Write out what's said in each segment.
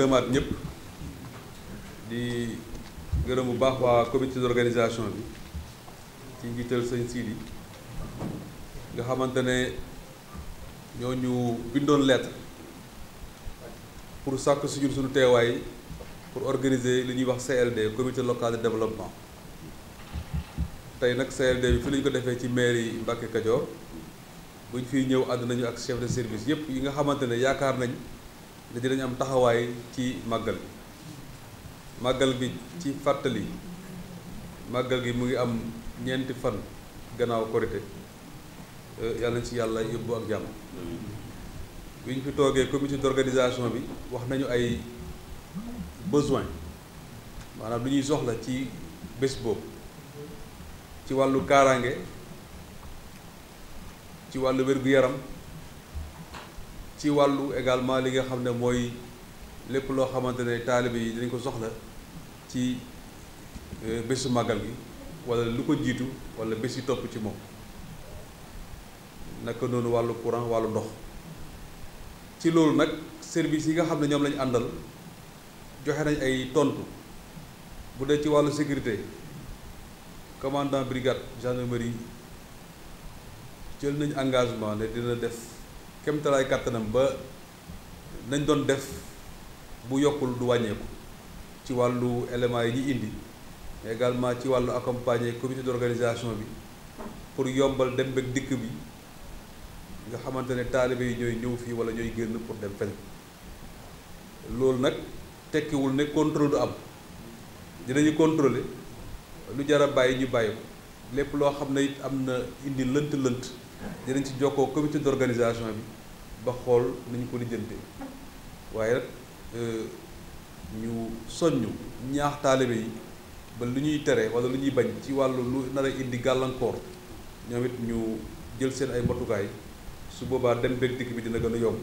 gërëmaat ñëpp di gërëm bu baax waa comité d'organisation bi ci njiital sëñ Sidi nga xamante ne ñoo ñu bindoon lettre pour sàkk si ñun suñu teewaay pour organiser li ñuy wax CLD comité local de développement tey nag CLD bi fi la ñu ko defee ci mairie Mbacke Kajoor bu ñu fiy ñëw ànd nañu ak chef de service yëpp yi nga xamante ne yaakaar nañ. ne dinañ am taxawaay ci màggal bi màggal bi ci fàttali màggal gi mu ngi am ñeenti fan gannaaw korité euh, yàlla na ci yàlla yóbbu ak jàmm bi ñu fi toogee comité d'organisation bi wax nañu ay besoin maanaam lu ñuy soxla ci bés boobu ci wàllu kaaraange ci wàllu wér-gu-yaram ci wàllu également li nga xam ne mooy lépp loo xamante ne taalibe yi dañ ko soxla ci euh, bésu màggal gi wala lu ko jiitu wala bés yi topp ci moom naka noonu wàllu courant wàllu ndox ci loolu nag service yi nga xam ne ñoom lañu àndal joxe nañ ay tontu bu dee ci wàllu sécurité commandant brigade gendarmerie jël nañ engagement ne dina def kémtalaay kàttanam ba nañ doon def bu yokkul du wàññeeku ci wàllu éléments yi ñu indi mais également ci wàllu accompagner comité d'organisation bi pour yombal dem beeg dikk bi nga xamante ne taalibe yi ñooy ñëw fii wala ñooy génn pour dem fenn loolu nag tekkiwul ne contrôle du am dinañu contrôler lu jar a bàyyi ñu bàyyi ko lépp loo xam ne it am na indi lënt-lënt dinañ ci jokkoo comité d' organisation bi ba xool ni ñu ko lijjante waaye rek euh, ñu soññ ñaax taalibe yi ba lu ñuy tere wala lu ñuy bañ ci wàllu lu nar indi gàllankoor ñoom it ñu jël seen ay matukaay su boobaa dem beeg dikk bi dina gën a yomb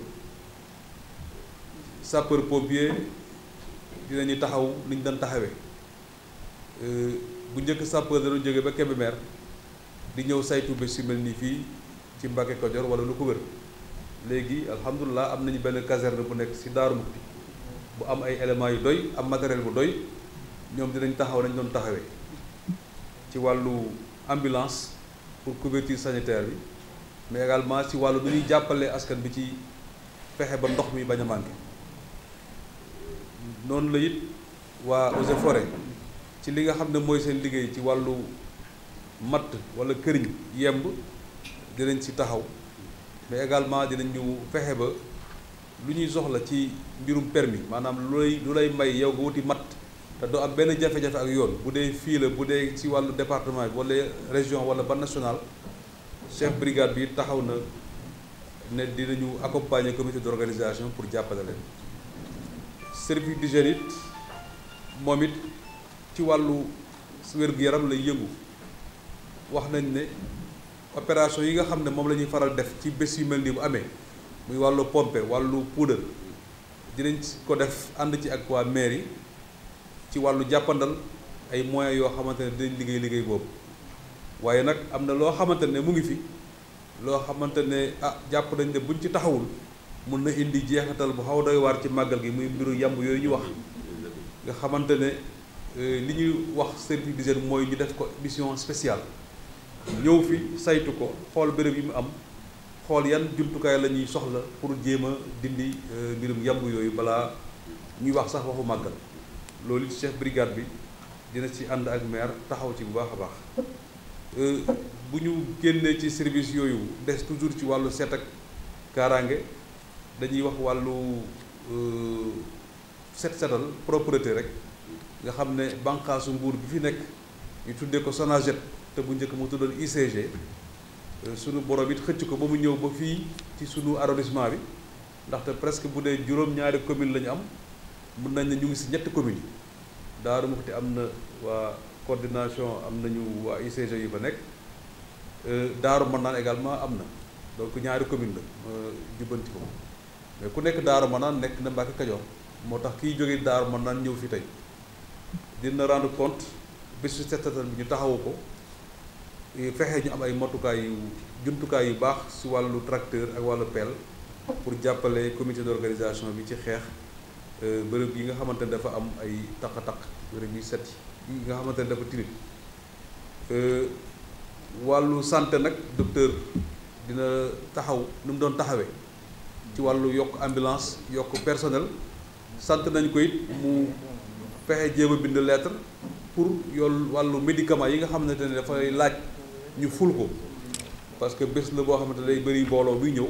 sapeur pompier dinañu taxaw ni ñu doon taxawee euh, bu njëkk sapeur dañu jóge ba Kébémer di ñëw saytu bés yu mel nii fii. ci Mbacke jor wala lu ko léegi alhamdulilah am nañu benn caserne bu nekk si Daaru Muxti bu am ay éléments yu doy am matériel bu doy ñoom dinañ taxaw nañ doon taxawee ci wàllu ambulance pour couverture sanitaire bi mais également si wàllu du ñuy jàppale askan bi ci fexe ba ndox mi bañ a manqué noonu la it waa eaux et ci li nga xam ne mooy seen liggéey ci wàllu matt wala këriñ yemb dinañ ci taxaw mais également dinañu fexe ba lu ñuy soxla ci mbirum permis maanaam lu lay lu lay may yow nga wuti mat te doo am benn jafe-jafe ak yoon bu dee fii la bu dee ci wàllu département bi wala région wala ban national chef brigade bi taxaw na ne dinañu accompagner comité d'organisation pour jàppale leen service d'hygiène it moom it ci wàllu wér-gu-yaram lay yëngu wax nañ ne opération yi nga xam ne moom la ñuy faral def ci bés yu mel nii bu amee muy wàllu pompe wàllu puudar dinañ ko def ànd ci ak waa mairie ci wàllu jàppandal ay moyens yoo xamante ne dinañ liggéey liggéey boobu waaye nag am na loo xamante ne mu ngi fi loo xamante ne ah jàpp nañ de buñ ci taxawul mun na indi jeexatal bu xaw day waar ci màggal gi muy mbiru yàmb yooyu ñu wax nga xamante ne euh, li ñuy wax service d'hygiène mooy ñu def ko mission spéciale ñëw fi saytu ko xool béréb yi mu am xool yan jumtukaay la ñuy soxla pour jéem a dindi euh, mbirum yàmb yooyu balaa ñuy wax sax waxu màggal loolu it chef brigade bi dina ci ànd ak maire taxaw ci mu baax a baax euh, bu ñu génnee ci service yooyu des toujours ci wàllu seet ak kaaraange dañuy wax wàllu euh, set setal propreté rek nga xam ne bànqaasu mbuur bi fi nekk ñu tuddee ko SONAGED te bu njëkk moo tuddoon ICG euh, sunu borom it xëcc ko ba mu ñëw ba fii ci suñu arrondissement bi ndaxte presque bu dee juróom-ñaari commune lañu am mun nañ ne ñu ngi si ñetti commune yi Daaru Muxti am na waa coordination am nañu waa ICG yu fa nekk euh, Daaru Manaan également am na donc ñaari commune la jubbanti ko mais ku nekk Daaru naan nekk na Mbàkke Kajoor moo tax kiy jógee Daaru naan ñëw fi tey dina rendre compte bésu set setal bi ñu taxawu ko Eh, fexe ñu am ay matukaay yu jumtukaay yu baax si wàllu tracteur ak wàllu pelle pour jàppale comité d'organisation bi ci xeex euh, bërëb yi nga xamante ne dafa am ay taq-taq bërëb yu set yi nga xamante ne dafa tilim euh, wàllu santé nag docteur dina taxaw nu mu doon taxawee ci wàllu yokk ambulance yokk personnel sant nañ ko it mu fexe jéem a bind lettre pour yool wàllu médicament yi nga xamante ne dafay laaj ñu ful ko parce que bés la boo xamante day bëri mbooloo buy ñëw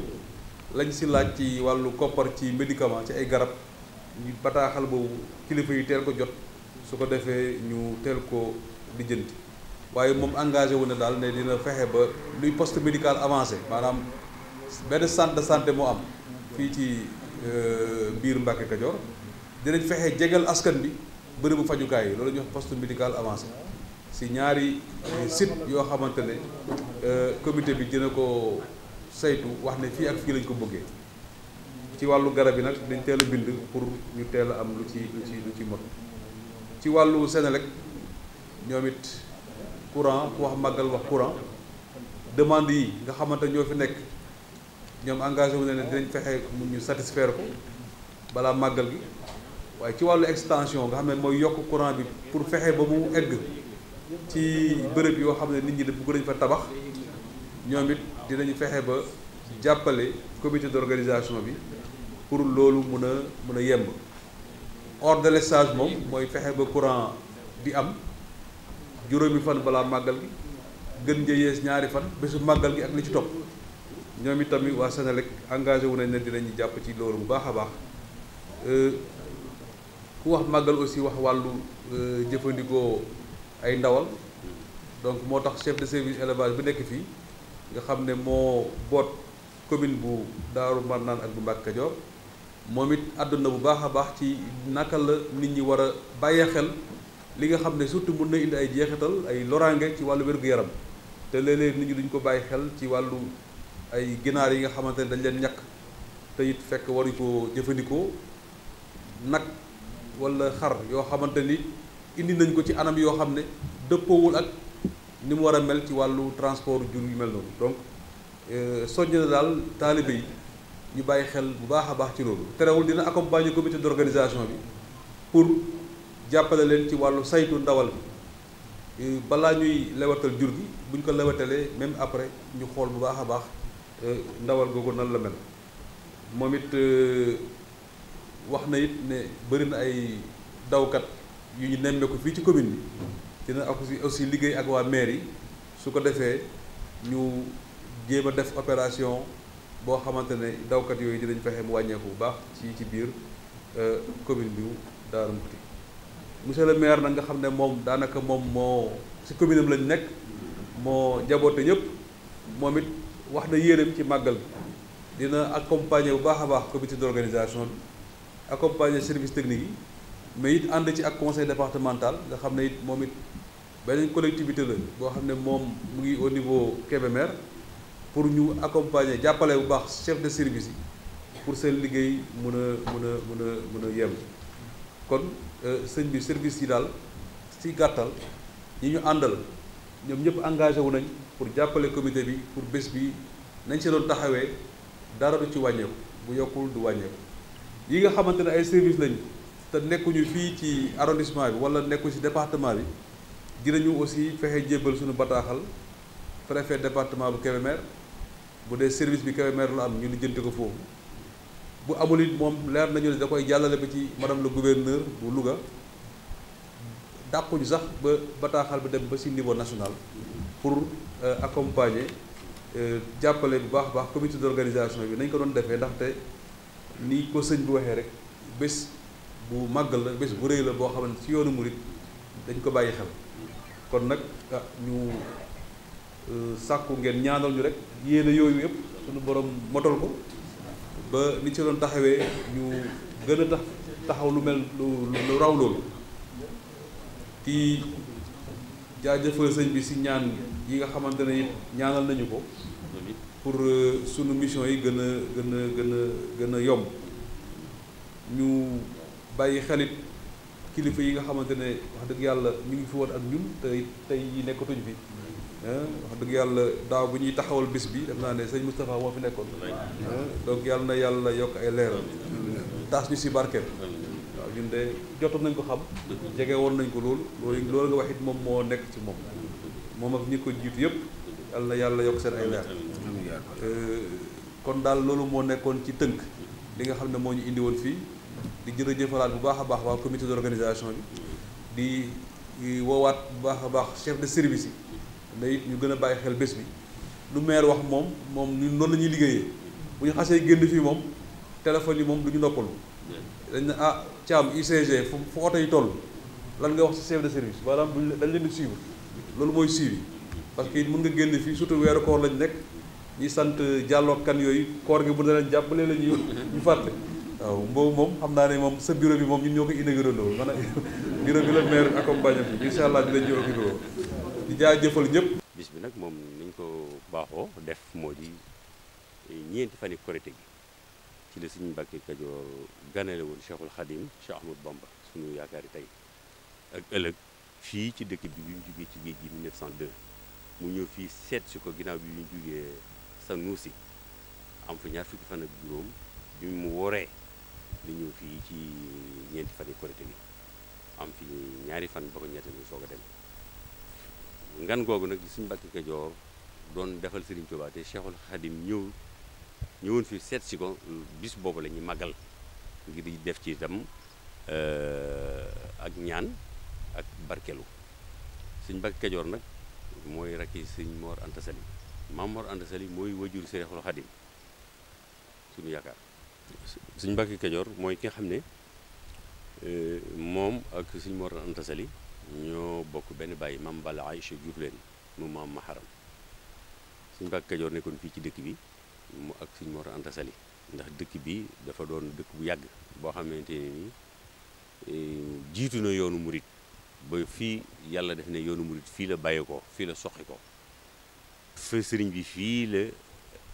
lañ si laaj ci wàllu koppar ci médicament ci ay garab ñu bataaxal boobu kilifa yi teel ko jot su ko defee ñu teel ko lijjanti waaye moom engagé wu ne daal ne dina fexe ba luy poste médical avancé maanaam benn centre de santé moo am fii ci euh, biir Mbacke Kajoor dinañ fexe jegal askan bi bërëbu fajukaay yi loolu ñuy wax poste médical avancé si ñaari site yoo xamante ne euh, comité bi dina ko saytu wax ne fii ak fii lañ ko bëggee ci wàllu garab yi nag dañ teel bind pour ñu teel a am lu ci lu ci lu ci mot ci wàllu Senelec ñoom it courant wax màggal wax courant demande yi nga xamante ñoo fi nekk ñoom engagé wu ne ne dinañ fexe ñu satisfaire ko balaa màggal gi waaye ci wàllu extension nga xam ne mooy yokk courant bi pour fexe ba mu egg ci bërëb yoo xam ne nit ñi de bëgg nañ fa tabax ñoom it dinañu fexe ba jàppale comité d'organisation bi pour loolu mun a mun a yemb hors délestage moom mooy fexe ba courant di am juróomi fan balaa màggal gi gën nga ñaari fan bésu màggal gi ak li ci topp ñoom itamit waa Senelec engagé wu nañ ne dinañu jàpp ci loolu bu baax a baax euh, ku wax màggal aussi wax wàllu euh, jëfandikoo ay ndawal donc moo tax chef de service élevage bu nekk fii nga xam ne moo boot commune bu Daaru Marnaan ak bu Mbàkke Kajoor moom it àdduna bu baax a baax ci naka la nit ñi war a bàyyee xel li nga xam ne surtout mun na indi ay jeexital ay loraange ci wàllu wér yaram te léeg-léeg nit ñi duñ ko bàyyi xel ci wàllu ay ginaar yi nga xamante ne dañ leen ñàkk te it fekk waruñ ko jëfandikoo nag walla xar yoo xamante ni indi nañ ko ci anam yoo xam ne dëppoowul ak ni mu war a mel ci wàllu transport jur yu mel noonu donc euh, soññ na daal taalibe yi ñu bàyyi xel bu baax a baax ci loolu terewul dina accompagner comité d'organisation bi pour jàppale leen ci wàllu saytu ndawal bi euh, balaa ñuy lewatal jur gi buñ ko lewatalee même après ñu xool bu baax a baax euh, ndawal googu nan la mel moom it wax na it ne bëri na ay dawkat yu ñu nemmeeku fii ci commune bi dina aussi aussi liggéey ak waa maire yi su ko defee ñu jéem a def opération boo xamante ne dawkat yooyu dinañ fexe mu wàññeeku bu baax ci ci biir euh, commune bi Darou Mouhty monsieur le maire nag nga xam ne moom daanaka moom moo ci commune am lañ nekk moo jaboote ñëpp moom it wax na yéeneem ci màggal dina accompagner bu baax a baax comité d'organisation bi accompagner service technique yi mais it ànd ci ak conseil départemental nga xam ne it moom it beneen collectivité la boo xam ne moom mu ngi au niveau Kébémer pour ñu accompagner jàppale bu baax chef de service yi pour seen liggéey mun a mun a mun a mën a yem kon euh, sëñ bi service yi daal ci gàttal ñi ñu àndal ñoom ñëpp engagé wu nañ pour jàppale comité bi pour bés bi nañ ci doon taxawee dara du ci wàññeeku bu yokkul du wàññeeku yi nga xamante ne ay service lañ te nekkuñu fii ci arrondissement bi wala nekku ci département bi dinañu aussi fexe jébbal suñu bataaxal préfet département bu Kébémer bu dee service bi Kébémer la am ñu lijjanti ko foofu bu amul it moom leer nañu ne da koy jàllale ba ci madame la gouverneur bu Louga dàquñu sax ba bataaxal bi dem ba ci niveau national pour euh, accompagner euh, jàppale bu baax a baax comité d'organisation bi nañ ko doon defee ndaxte ni ko sëñ bi waxee rek bés bu màggal la bés bu rëy la boo xamante ci yoonu murit dañ ko bàyyi xel kon nag ah ñu euh, sàkku ngeen ñaanal ñu rek yéene yooyu yëpp suñu borom motal ko ba ni ci doon taxawee ñu gën a tax taxaw lu mel lu raw loolu di jaajëfal sëñ bi si ñaan yi nga xamante ne it ñaanal nañu ko pour euh, sunu mission yi gën a gën a gën a gën a yomb bàyyi xelit kilifa yi nga xamante ne wax dëgg yàlla mu ngi fi woon ak ñun te tey yi nekkatuñ fi eh, wax dëgg yàlla daaw bu ñuy taxawal bis bi def naa ne sëñ Moustapha moo fi nekkoon eh, donc yàlla na yàlla yokk ay leeral taas ñu si barket waaw ñun de jotoon nañ ko xam jege woon nañ ko loolu loolu loolu nga wax it moom moo nekk ci moom moom ak ñi ko jiitu yëpp yàlla na yàlla yokk seen ay leer eh, kon daal loolu moo nekkoon ci tënk li nga xam ne moo ñu indi woon fii di jërëjëfalaat bu baax a baax waa comité d'organisation bi di woowaat bu baax a baax chef de service yi mais ñu gën a bàyyi xel bés bi lu maire wax moom moom ñun noonu la ñuy liggéeyee bu ñu xasee génn fii moom téléphone yi moom du ñu noppalu dañ ne ah caam UCG fu fu oto yi toll lan nga wax ci chef de service maanaam duñ dañ leen di loolu mooy suivi parce que it mën nga génn fii surtout weeru koor lañ nekk ñi sant jàlloo kan yooyu koor gi bu ne leen jàppale la ñuy ñu fàtte waaw mboobu moom xam naa ne moom sa bureau bi moom ñu ñoo ko inauguré loolu a bureau bi la maire accompagne bi incha allah dinañ ñu occupé woo di jaajëfal ñëpp bis bi nag moom niñ ko baaxoo def moo di ñeenti fan yi korite gi ci la suñu Mbàkke Kajoor ganale woon Cheikhul Khadim Bamba suñu yaakaari tey ak ëllëg fii ci dëkk bi bi jugee ci géej gi mu ñëw fii seet si ko ginnaaw bi ñu jugee sa nuusi am fa ñaar fukki fan ak juróom bi mu wooree li ñëw fii ci ñeenti fan yi korité bi am fi ñaari fan ba ko ñetti bi soog a dem ngan googu nag suñ Mbàkke Kajoor doon defal Serigne Touba te Cheikhul Khadim ñëw ñëwoon fi seet si ko bis boobu la ñuy màggal ngir di def ci itam euh, ak ñaan ak barkelu suñ Mbàkke Kajoor nag mooy rakki Serigne Mor Anta Sali Maam Mor Anta Sali mooy wajur Cheikhul Khadim suñu yaakaar sëñ Mbàkke Kajoor mooy ki nga xam ne euh, moom ak suñ Mor Anta ñoo bokk benn bàyyi mam Balla Aïcha jur leen mu maam Maharam suñ Mbàkke Kajoor nekkoon fii ci dëkk bi mu ak sëñ Mor Anta ndax dëkk bi dafa doon dëkk bu yàgg boo xamante ne nii euh, jiitu na yoonu murit ba fii yàlla def ne yoonu murit fii la bàyyi ko fii la soxi ko fa sëriñ bi fii la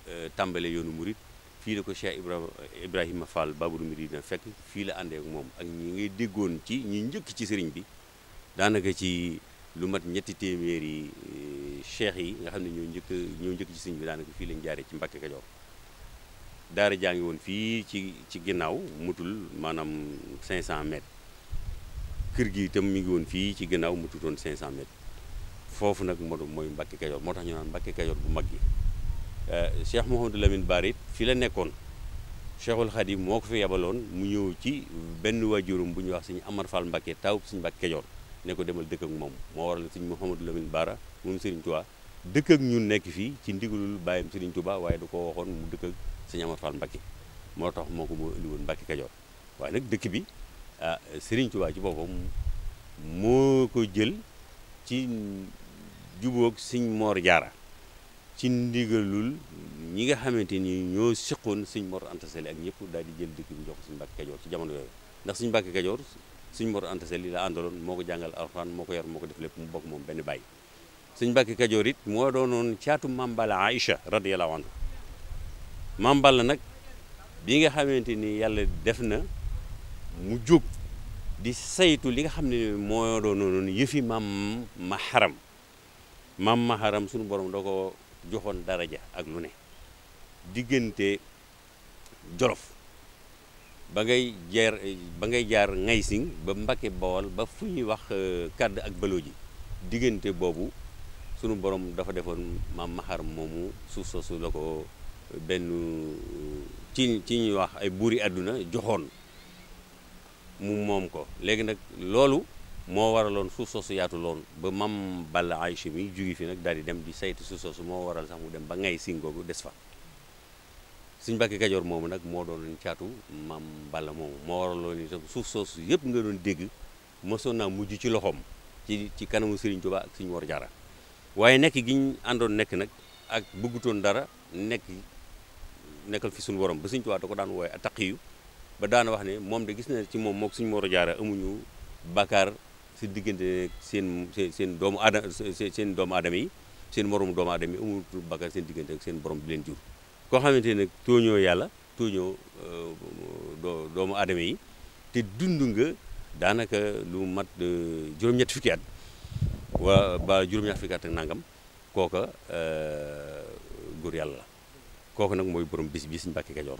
euh, tàmbale yoonu murit fii la ko Cheikh Ibrahima Ibrahima Fall Baboul Mouridina fekk fii la àndee ak moom ak ñi ngay déggoon ci ñi njëkk ci sëriñ bi daanaka ci lu mat ñetti téeméeri eh, cheikh yi nga xam ne ñoo njëkk ñoo njëkk ci sëriñ bi daanaka fii lañ jaaree ci Mbàkke Kajoor daara jaa ngi woon fii ci ci ginnaaw mutul maanaam 500 mètres kër gi itam mi ngi woon fii ci ginnaaw mututoon 500 foofu nag moo doon mooy Mbàkke Kajoor moo tax ñu naan Mbàkke Kajoor bu mag yi Euh, Cheikh Mouhamadou Lamine Bara it fi la nekkoon Cheikhul Khadim moo ko fi yebaloon mu ñëw ci benn waajurum bu ñu wax suñu Amar Fall Mbacke taw suñu Mbacke Kajoor ne ko demal dëkk moom moo waral suñu Mouhamadou Lamine Bara moom Serigne Touba dëkk ak ñun nekk fii ci ndigalul bàyyam Serigne Touba waaye du ko waxoon mu dëkk ak suñu Amar Fall Mbacke moo tax moo ko moo indi woon Mbacke waaye nag dëkk bi ah Serigne Touba ci boppam moo ko jël ci jubóog Serigne Mor Jaara ci ndigalul ñi nga xamante ni ñoo siqoon suñ Mor Anta ak ñëpp daal di jël dëkk bi jox ko suñ Mbàkke jamono yooyu ndax suñ Mbàkke suñ Mor Anta Sali la àndaloon moo ko jàngal alxuraan moo ko yar moo ko def lépp mu bokk moom benn bàyyi suñ Mbàkke Kajoor it moo doonoon caatu mambala Aïcha radiyallahu anha mambala nag bi nga xamante ni yàlla def na mu jóg di saytu li nga xam ne moo doonoon yëfi mam ma xaram maam ma suñu borom doo ko joxoon daraja ak mu ne diggante jolof ba ngay jaar ba ngay jaar Ngaysing ba Mbakke Bawol ba fu ñuy wax euh, kàdd ak bëloo diggante boobu sunu borom dafa defoon maam maxar moomu suuf soosu la ko benn ci ci ñuy wax ay buuri àdduna joxoon mu moom ko léegi nag loolu moo waraloon suuf soosu yaatu loon ba mam Balla ay mi jóge fi nag daal di dem di saytu suuf soosu moo waral sax dem ba ngay singoogu des fa suñ Mbàkke gajoor moomu nag moo doon caatu mam Balla moomu moo waraloon itam suuf soosu yëpp nga doon dégg mosoon naa mujj ci loxoom ci ci kanamu Serigne Touba ak Serigne Mor Diarra waaye nekk gi ñu àndoon nekk nag ak bëggutoon dara nekk nekkal fi suñu borom ba Serigne Touba da ko daan wooye attaqiyu ba daan wax ne moom de gis na ci moom mook Serigne Mor Diarra amuñu bakkaar si diggante seen seen doomu aadama seen doomu aadama yi seen moroomu doomu aadama yi amul bakkaar seen diggante ak seen borom bi leen jur koo xamante ne nag tooñoo yàlla tooñoo euh, doomu aadama yi te dund nga daanaka lu mat euh, juróom-ñetti fukki at waa ba juróom-ñetti fukki at ak nangam kooka euh, góor yàlla la kooku nag mooy borom bis bi Sëñ Kajoor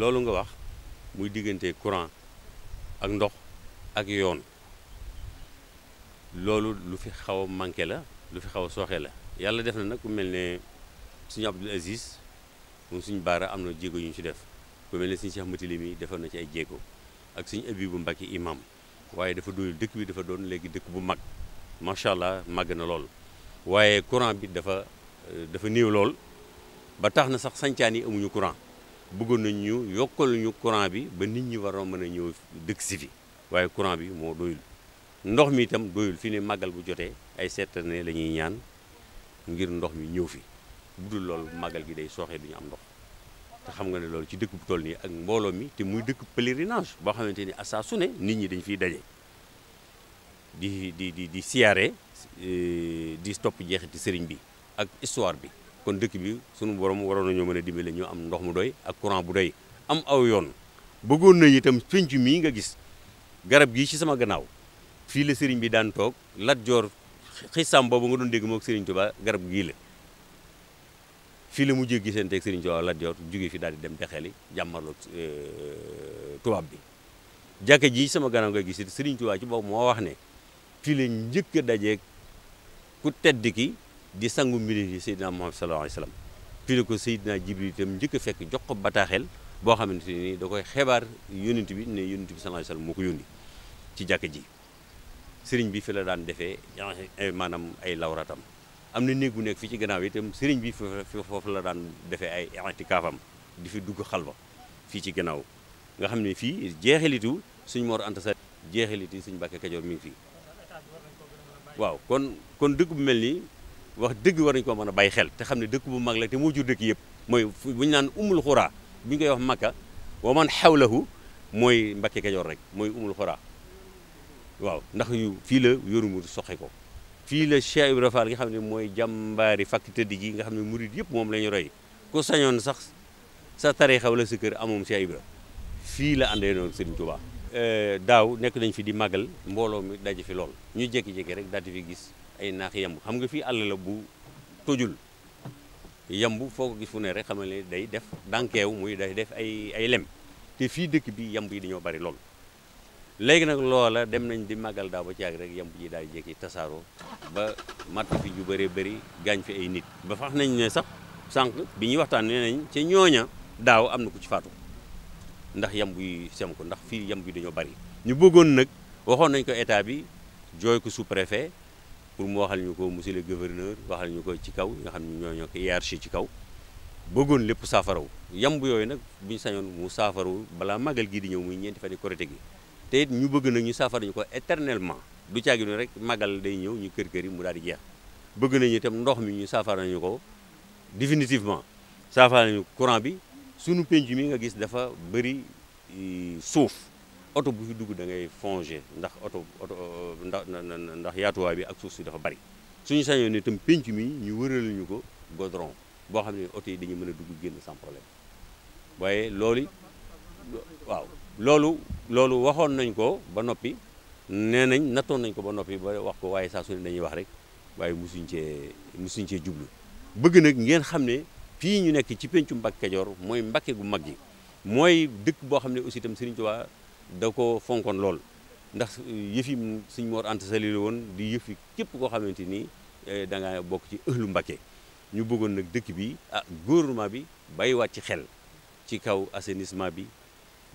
loolu nga wax muy diggante courant ak ndox ak yoon loolu lu fi xaw a manqué la lu fi xaw a sooxe la yàlla def na nag ku mel ne suñu Abdul Aziz moom suñu baara am na jéego ñu ci def ku mel ne suñu Cheikh Matili mi defoon na ci ay jéego ak suñu Abibu Mbàkke imam waaye dafa doon dëkk bi dafa doon léegi dëkk bu mag macha allah màgg na lool waaye courant bi dafa euh, dafa néew lool ba tax na sax sancaan yi amuñu courant bëggoon nañ ñu yokkal ñu courant bi ba nit ñi waroon mën a ñëw dëkk si fi waaye courant bi moo doyul ndox mi itam doyul fi ne màggal bu jotee ay seetane la ñuy ñaan ngir ndox mi ñëw fi bu dul loolu màggal gi day sooxee du ñu am ndox te xam nga ne loolu ci dëkk bu toll nii ak mbooloo mi te muy dëkk pèlerinage boo xamante ni asaa saa sune nit ñi dañ fiy daje di di di di siyaare e, di topp jeexiti sëriñ bi ak histoire bi kon dëkk bi sunu borom waroon nañoo mën a dimbale ñoo am ndox mu doy ak courant bu doy am aw yoon bëggoon nañu itam pénc mii nga gis garab gii ci sama gannaaw fii la sëriñ bi daan toog Lat Joor xisam boobu nga doon dégg moog sëriñ Tuubaa garab gii la fii la mujjee gisanteeg sëriñ Tuubaa Lat Joor jóge fi daal di dem dexeli jàmmarloog euh, tubaab bi jàkka ji sama gannaaw nga gis it sëriñ Tuubaa ci boobu moo wax ne fii la njëkk a dajeeg ku tedd ki di sangu mbindéef yi Seydina Muhammad sallallahu alayhi wasallam fii la ko Seydina Jibril itam njëkk a fekk jox ko bataaxel boo xamante ni da koy xebaar yónent bi ne yónent bi sallallahu alayhi ci jàkka ji sëriñ bi fi la daan defee eh, maanaam ay lawratam am na néeg bu nekk fii ci gannaaw itam sëriñ bi foofu la daan defee ay itikaafam di fi dugg xalwa fii ci gannaaw nga xam ne fii jeexilitu suñ Mor Anta Sali jeexilitu suñ Mbàkke Kajoor mi ngi fii waaw kon kon dëkk bu mel nii wax dëgg war nañu ko mën a bàyyi xel te xam ne dëkk bu mag la te moo jur dëkk yëpp mooy bu ñu naan umul xuraa bu ñu koy wax Makka wa man xawlahu mooy Mbàkke Kajoor rek mooy umul xuraa waaw ndax yu fii la yoru murid soxe ko fii la Cheikh Ibrahima Fall nga xam ne mooy jàmbaari fakk tëdd ji nga xam ne murid yëpp moom la ñu roy ku sañoon sax sa tariixa wala sa kër amoom Cheikh Ibrahima fii la àndee noonu Serigne Touba. Euh, daaw nekk nañ fi di màggal mbooloo mi daje fi lool ñu jékki-jékki rek daal di fi gis ay naax yemb xam nga fii àll la bu tojul yemb foo ko gis fu ne rek xamal ne day def dankew muy day def ay ay lem te fii dëkk bi yemb yi dañoo bari lool. léegi nag loola dem nañ di màggal daaw ba ci yàgg rek yemb ji daal jékki tasaaroo ba matt fi ju bëree bëri gaañ fi ay nit ba fax nañ ne sax sànq bi ñuy waxtaan nee nañ ca ñooña daaw am na ku ci faatu ndax yemb yi sem ko ndax fii yemb yi dañoo bari ñu bëggoon nag waxoon nañ ko état bi jooy ko sous-préfet pour mu waxal ñu ko monsieur le gouverneur waxal ñu ko ci kaw nga xam ne ñooñoo ko hiérarchie ci kaw bëggoon lépp saafaraw yemb yooyu nag bu sañoon mu saafaraw balaa màggal gii di ñëw muy ñeenti fan yi gi te ñu bëgg nag ñu saafarañu ko éternellement du caagi rek màggal day ñëw ñu kër kër yi mu daal di jeex bëgg nañu itam ndox mi ñu saafara ñu ko définitivement saafara ñu courant bi sunu penc mi nga gis dafa bëri suuf oto bu dugg da ngay ndax oto oto ndax ndax yaatuwaay bi ak suuf si dafa bëri suñu sañoon itam penc mi ñu wëral ñu ko godron boo xam ne oto yi dañuy mën a dugg génn sans problème waaye loolu waaw loolu loolu waxoon nañ ko ba noppi nee nañ nattoon nañ ko ba noppi ba wax ko waaye saa su ne wax rek waaye musuñ cee musuñ cee jublu bëgg nag ngeen xam ne fii ñu nekk ci pencu Mbàkke Kajoor mooy Mbàkke gu mag gi mooy dëkk boo xam ne aussi itam Sëriñ Tuubaa da ko fonkoon lool ndax eh, yëfi yi Sëriñ Mor Anta Sali woon di yëf yi képp koo xamante ni eh, da ngaa bokk ci ëllu Mbàkke ñu bëggoon nag dëkk bi ah gouvernement bi bay bàyyiwaat ci xel ci kaw assainissement bi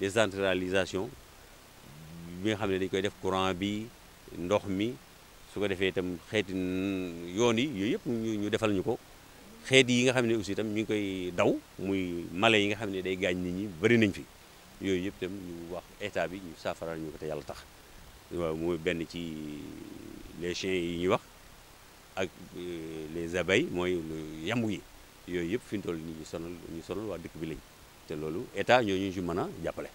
décentralisation bi nga xam ne dañ koy def courant bi ndox mi su ko defee itam xeeti yoon yi yooyu yëpp ñu defal ñu ko xeet yi nga xam ne aussi tam ñu ngi koy daw muy mala yi nga xam ne day gaañ nit ñi bëri nañ fi yooyu yëpp tam ñu wax état bi ñu saafaraal ñu ko te yàlla tax waaw mooy benn ci les chiens yi ñuy wax ak euh, les abeilles mooy yamb yi yooyu yëpp fi ñu toll nii ñu sonal ñu sonal waa dëkk bi lañ te loolu état ñooñu si mën a jàppale.